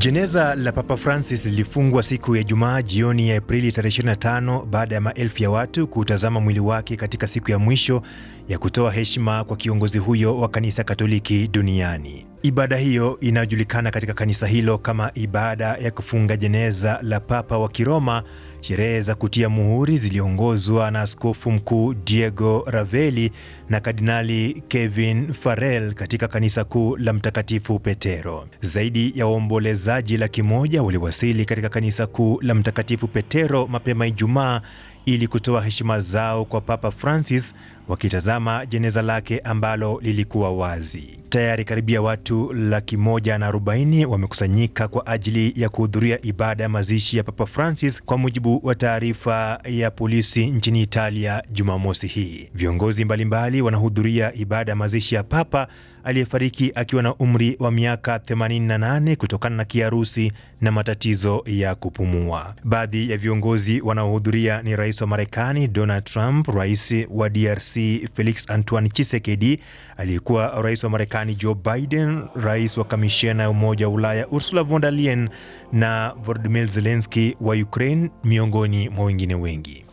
Jeneza la Papa Francis lilifungwa siku ya Ijumaa jioni ya Aprili 25 baada ya maelfu ya watu kutazama mwili wake katika siku ya mwisho ya kutoa heshima kwa kiongozi huyo wa Kanisa Katoliki duniani. Ibada hiyo inayojulikana katika kanisa hilo kama ibada ya kufunga jeneza la Papa wa Kiroma Sherehe za kutia muhuri ziliongozwa na askofu mkuu Diego Ravelli na kardinali Kevin Farrell katika kanisa kuu la Mtakatifu Petero. Zaidi ya waombolezaji laki moja waliwasili katika kanisa kuu la Mtakatifu Petero mapema Ijumaa ili kutoa heshima zao kwa Papa Francis wakitazama jeneza lake ambalo lilikuwa wazi. Tayari karibia watu laki moja na arobaini wamekusanyika kwa ajili ya kuhudhuria ibada ya mazishi ya Papa Francis, kwa mujibu wa taarifa ya polisi nchini Italia Jumamosi hii. Viongozi mbalimbali wanahudhuria ibada ya mazishi ya Papa aliyefariki akiwa na umri wa miaka 88 kutokana na kiharusi na matatizo ya kupumua. Baadhi ya viongozi wanaohudhuria ni rais wa Marekani Donald Trump, rais wa DRC Felix Antoine chisekedi aliyekuwa rais wa Marekani Joe Biden, rais wa kamishena ya Umoja wa Ulaya Ursula von der Leyen na Volodymyr Zelensky wa Ukraine, miongoni mwa wengine wengi.